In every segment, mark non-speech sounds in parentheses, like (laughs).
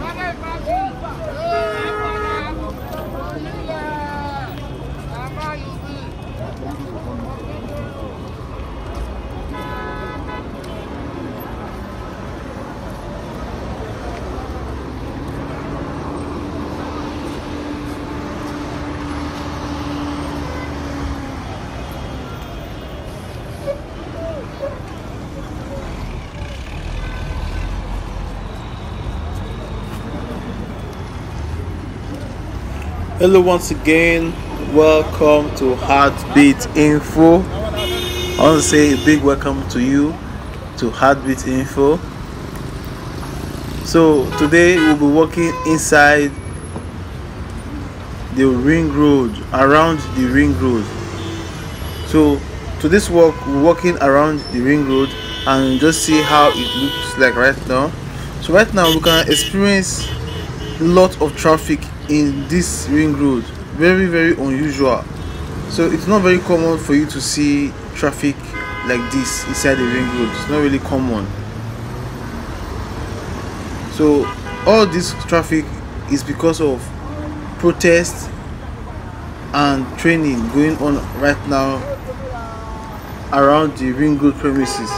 Vai, vai, vai, vai. Hello, once again. Welcome to Heartbeat Info. I want to say a big welcome to you to Heartbeat Info. So, today we'll be walking inside the ring road, around the ring road. So, to this walk, we're walking around the ring road and just see how it looks like right now. So, right now we can experience a lot of traffic in this ring road very very unusual so it's not very common for you to see traffic like this inside the ring road it's not really common so all this traffic is because of protests and training going on right now around the ring road premises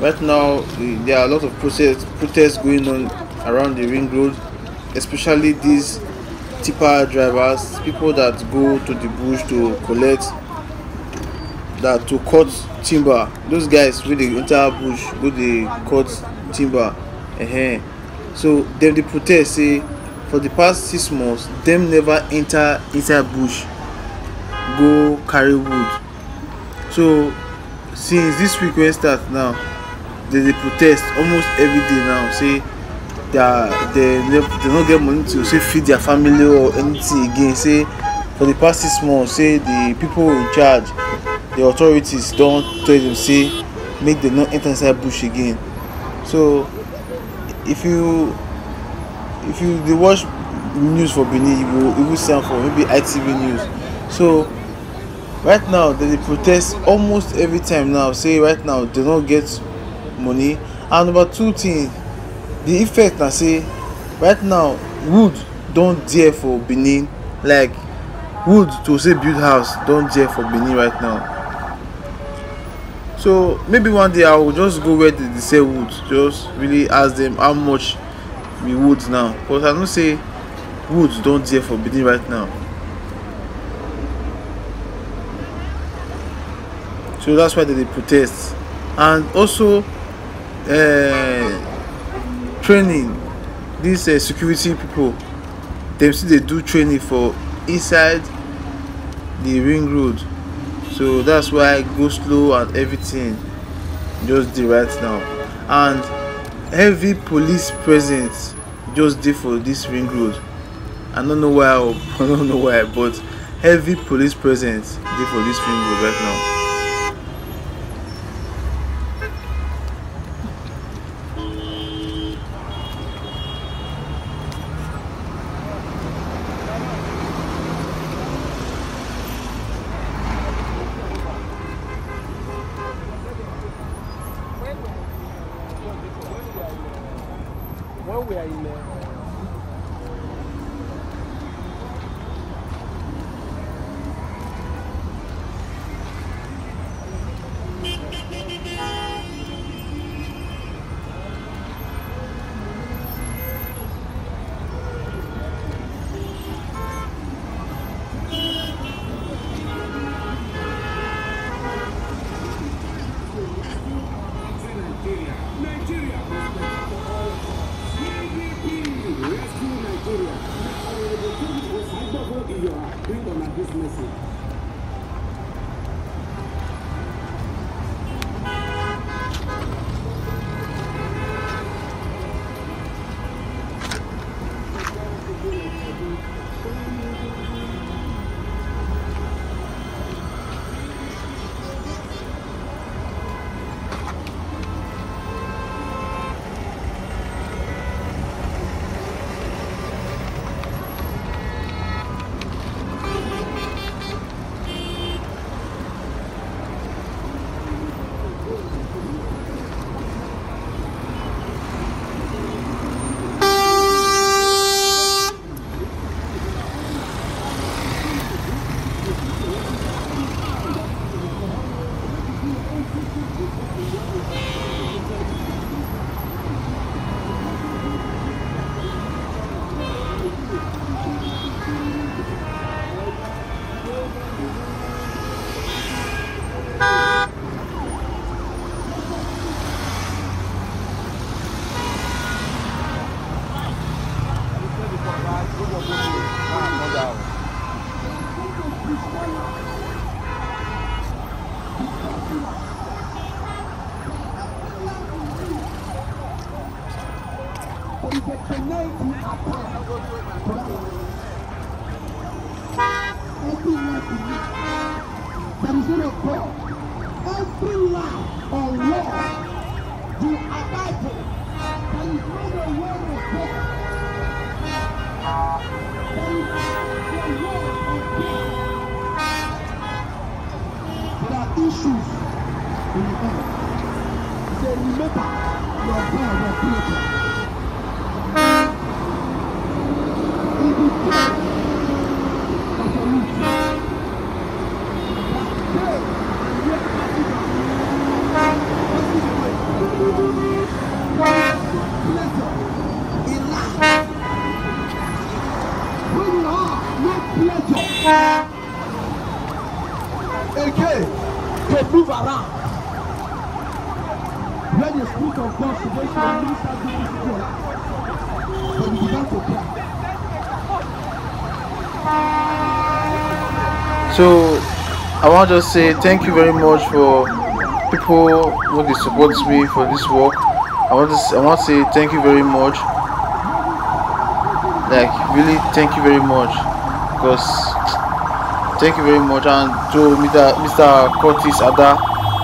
Right now, there are a lot of protests, protests going on around the ring road, especially these tipper drivers, people that go to the bush to collect, that to cut timber. Those guys with the entire bush go they cut timber. Uh -huh. So them the protest say for the past six months them never enter inside bush go carry wood. So since this week when start now they dey protest almost every day now say they they they no get money to say feed their family or anything again say for the past six months say the people in charge the authorities don tell them say make them no enter inside bush again so if you if you dey watch news for benin you go you see am for maybe itv news so right now they dey protest almost every time now say right now they no get money and number two thing the effect na say right now wood don dare for benin like wood to say build house don dare for benin right now so maybe one day i will just go where they, they sell wood just really ask them how much be wood now because i know say wood don dare for benin right now so that's why they dey protest and also uh, training these uh, security people dem still dey do training for inside the ring road so that's why go slow and everything just dey right now and heavy police presence just dey for this ring road i no know why (laughs) i no know why but heavy police presence dey for this ring road right now. where are you, uh, So, I want to say thank you very much for people who supports me for this work. I want to I want to say thank you very much. Like really, thank you very much, because thank you very much, and to Mr. Mr. Curtis Ada,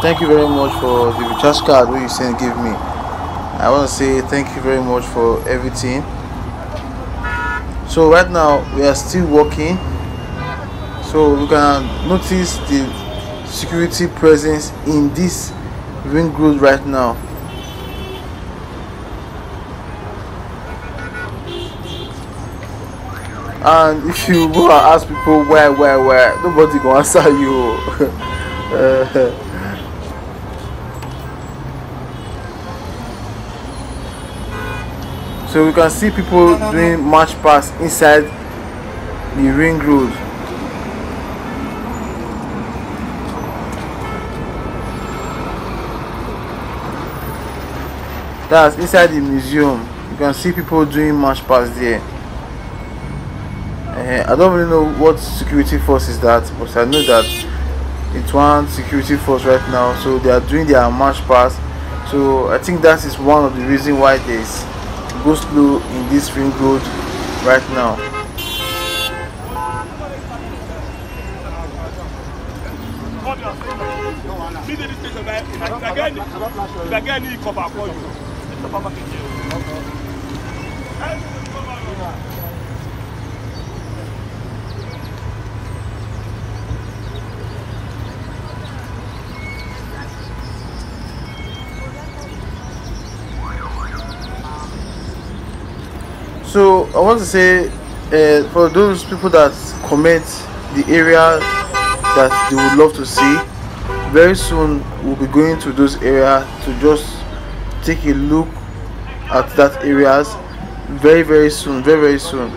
thank you very much for the recharge card you sent give me. I want to say thank you very much for everything. So right now we are still working. So you can notice the security presence in this ring road right now. and if you go and ask people where where where nobody go answer you (laughs) so we can see people doing march pass inside the ring road that's inside the museum you can see people doing march pass there I don't really know what security force is that, but I know that it's one security force right now. So they are doing their march pass. So I think that is one of the reason why there's ghost blue in this ring road right now. Again, so i want to say uh, for those people that comment the area that they would love to see very soon we'll be going to those areas to just take a look at that areas very very soon very very soon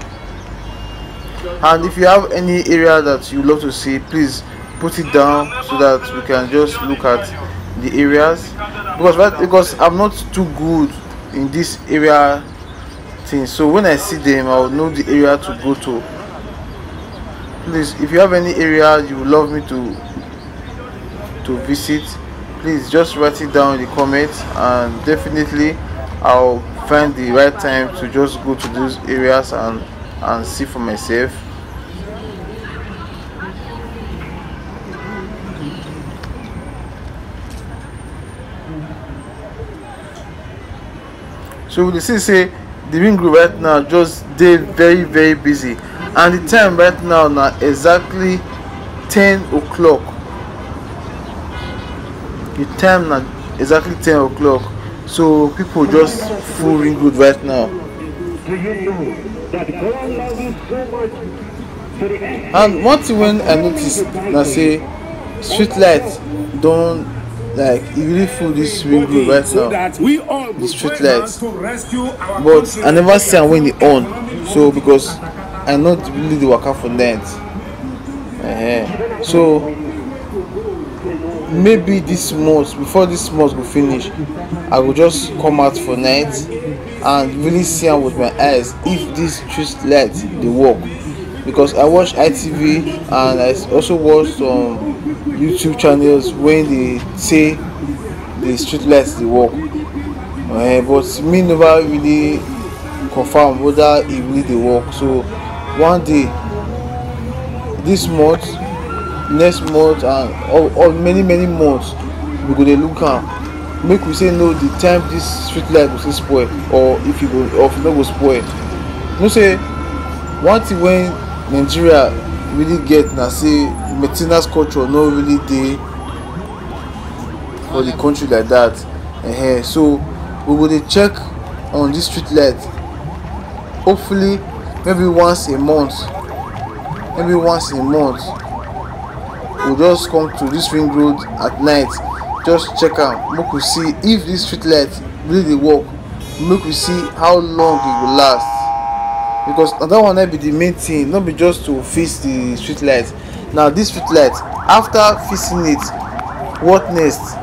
and if you have any area that you love to see please put it down so that we can just look at the areas because because i'm not too good in this area so when i see them i'll know the area to go to please if you have any area you would love me to to visit please just write it down in the comments and definitely i'll find the right time to just go to those areas and and see for myself so this is say the ring group right now just they very very busy and the time right now now exactly ten o'clock the time now exactly ten o'clock so people just full ring road right now. and one when i notice now say street lights don't. like e really full this swimming pool right now the street light but i never see am when e on so because i no really dey waka for night uh -huh. so maybe this month before this month go finish i go just come out for night and really see am with my eyes if this street light dey work because I watch ITV and I also watch some YouTube channels when they say the street lights dey work uh, but me never really confirm whether e really dey work so one day this month next month and or, or many many months we go dey look am make we say no the time this street light go spoil or if e go or if e no go spoil you say one thing when nigeria really get na say main culture no really dey for the country like that uh -huh. so we go dey check on this street light hopefully maybe once a month maybe once a month we we'll just come to this ring road at night just check am make we see if this street light really dey work make we see how long e go last because that one na be the main thing not be just to fix the street light now this street light after fixing it what next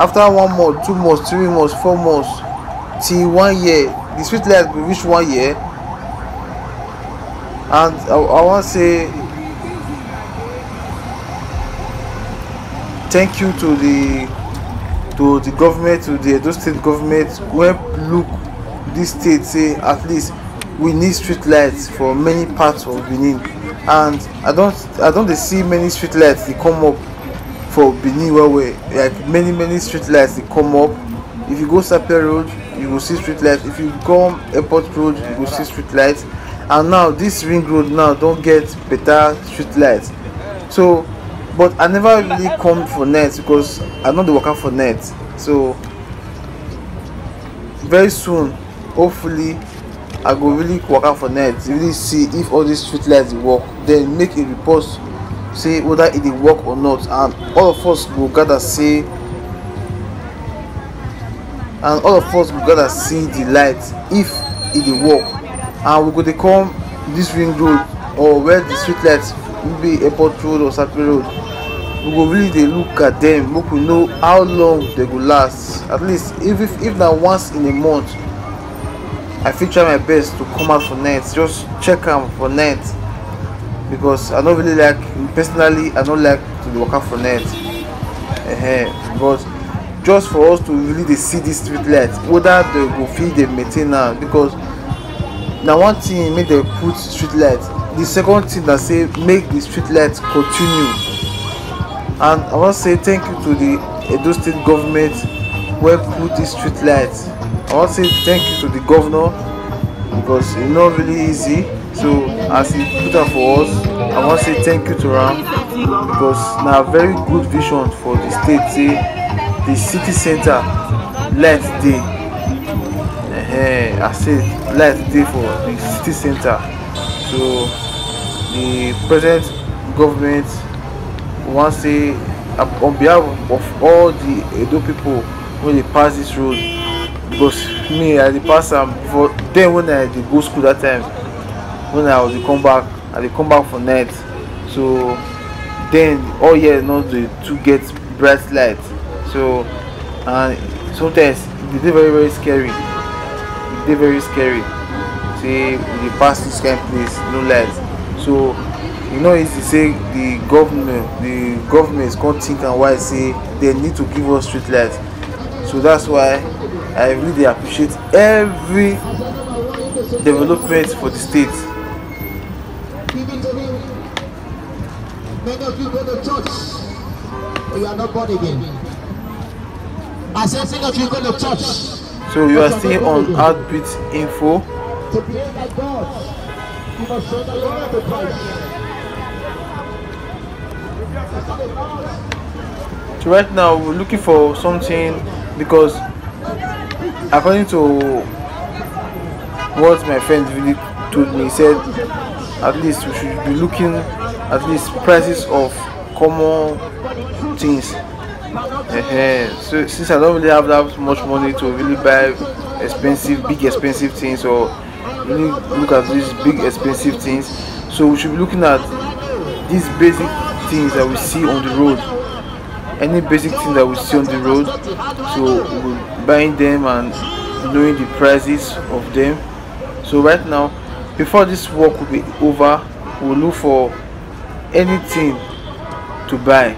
after one month two months three months four months till one year the street light go reach one year and i, I wan say thank you to the to the government to the edo state government wey look this state say at least we need street lights for many parts of benin and i don't, i don't dey see many street lights dey come up for benin well well like many many street lights dey come up if you go sapere road you go see street lights if you go airport road you go see street lights and now this ring road now don get better street lights so but i never really come for night because i no dey waka for night so very soon hopefully i go really waka for night really see if all these street lights dey work then make a report say whether e dey work or not and all of us go gather say and all of us go gather see the light if e dey work and we go dey come this ring road or where the street light be airport road or sapele road we go really dey look at them. make we know how long they go last at least if if, if na once in a month i fit try my best to come out for net just check am for net because i don't really like personally i don't like to work out for net uh -huh. but just for us to really see this street lights whether they go fit dey maintain because now one thing make they put street lights. the second thing that say make the street lights continue and i want to say thank you to the edo state government wey put this street lights. I want to say thank you to the governor because it's not really easy. So as he put up for us, I want to say thank you to Ram because now very good vision for the state See the city center light dey. Uh, I say light dey for the city center. So the present government wan say on behalf of all the Edo people when they pass this road because me i dey pass am um, before then when i dey go school that time when i dey come back i dey come back for night so then all year no dey too get bright light so and sometimes e dey very very scary e dey very scary say we dey pass this kind place no light so e no easy say the government the government come think am why say they need to give us street light so that's why I really appreciate every development for the state. Many of you go to church, but you are not born again. I said, many of you go to church. So you are still on Heartbeat Info. To be like God, you must Christ. So right now we're looking for something because according to what my friend really told me he said at least we should be looking at least prices of common things uh-huh. so since i don't really have that much money to really buy expensive big expensive things or really look at these big expensive things so we should be looking at these basic things that we see on the road any basic thing that we see on the road so we buying them and knowing the prices of them so right now before this work will be over we'll look for anything to buy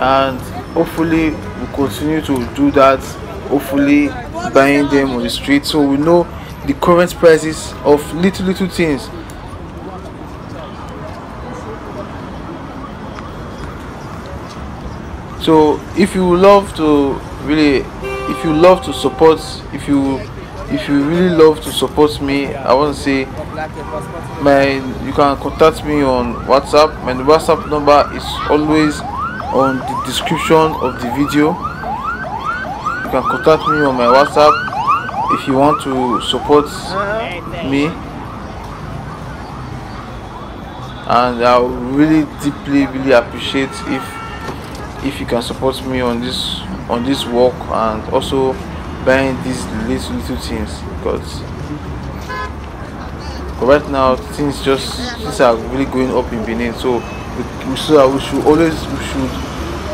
and hopefully we continue to do that hopefully buying them on the street so we know the current prices of little little things so if you love to really if you love to support if you if you really love to support me i want to say my you can contact me on whatsapp my whatsapp number is always on the description of the video you can contact me on my whatsapp if you want to support me and i really deeply really appreciate if if you can support me on this on this work and also buying these little little things because right now things just things are really going up in Benin so we, so we should always we should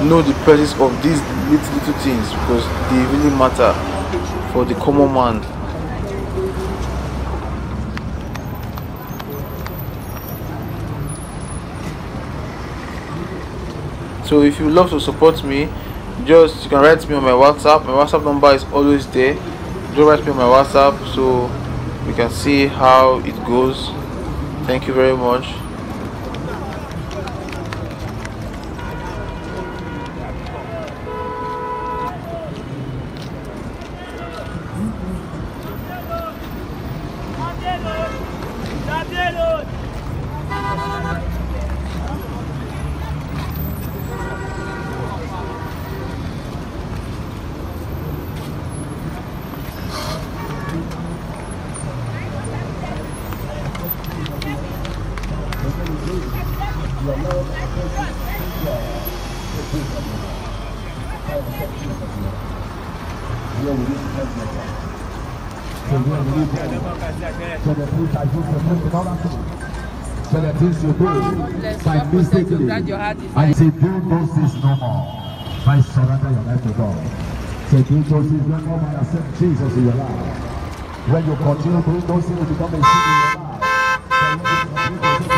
know the presence of these little little things because they really matter for the common man so if you love to support me just you can write me on my whatsapp my whatsapp number is always there do write me on my whatsapp so we can see how it goes thank you very much So the things you do by mistakenly, I say, do those things no more. By surrender your life to God. So do those things no more by accept Jesus in your life. When you continue doing those things, you become a sin in your life.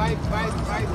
fight, fight, fight.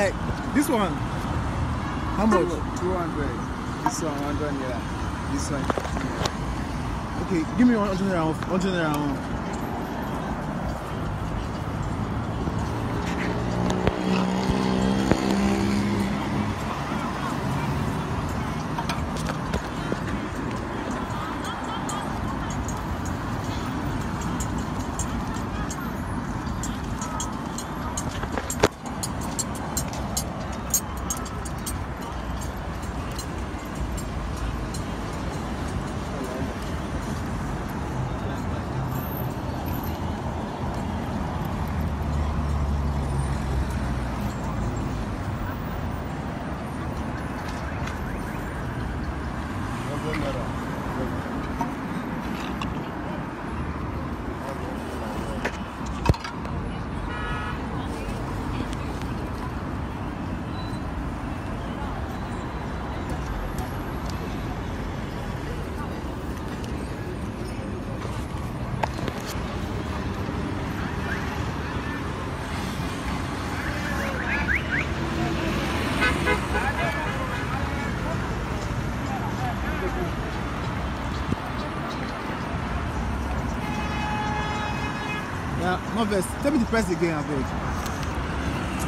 Like this one. How much? 200. This one, 100 naira. This one. Okay, give me 100 naira. 100 naira. not tell me the price again abeg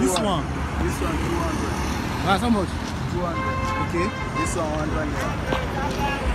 this one this one two hundred how much two okay this one one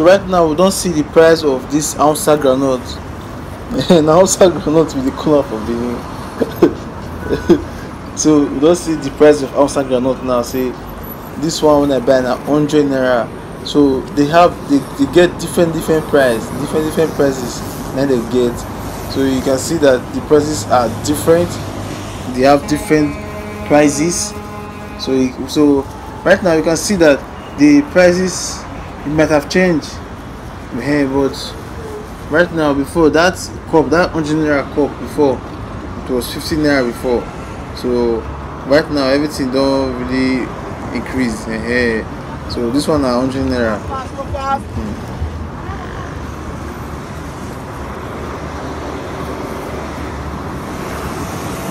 so right now we don't see the price of this hausa groundnut (laughs) na hausa groundnut be the colour for being (laughs) so we don't see the price of ounce groundnut now say this one when i buy na hundred naira so they have they, they get different different price different different prices Then they get so you can see that the prices are different they have different prices so you, so right now you can see that the prices it might have changed yeah, but right now before that cup that 100 naira cup before it was 15 naira before so right now everything don't really increase so this one are 100 naira hmm.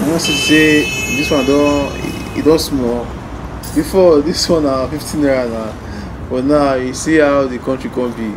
I to say this one don't it, it don't small before this one are 15 naira now but now you see how the country can be.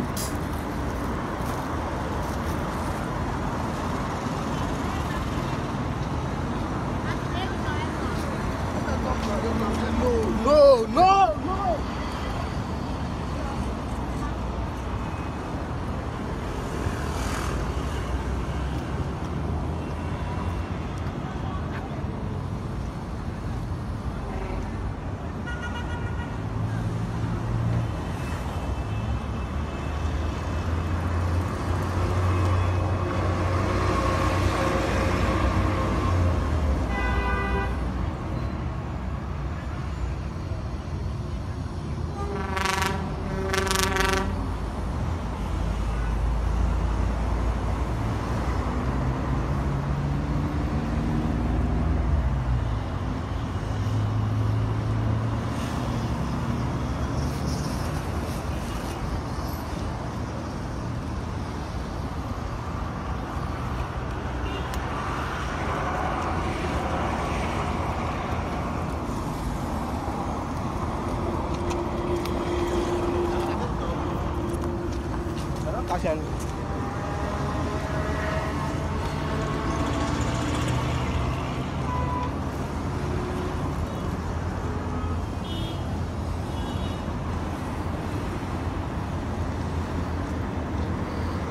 action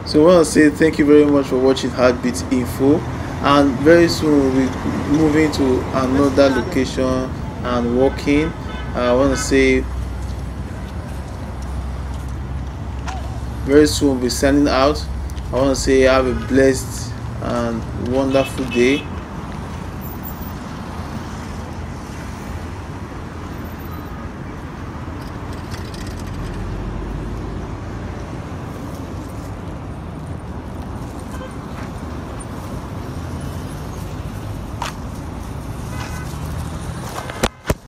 So I want to say thank you very much for watching Heartbeat Info and very soon we'll be moving to another location and walking. I want to say very soon will be sending out i want to say have a blessed and wonderful day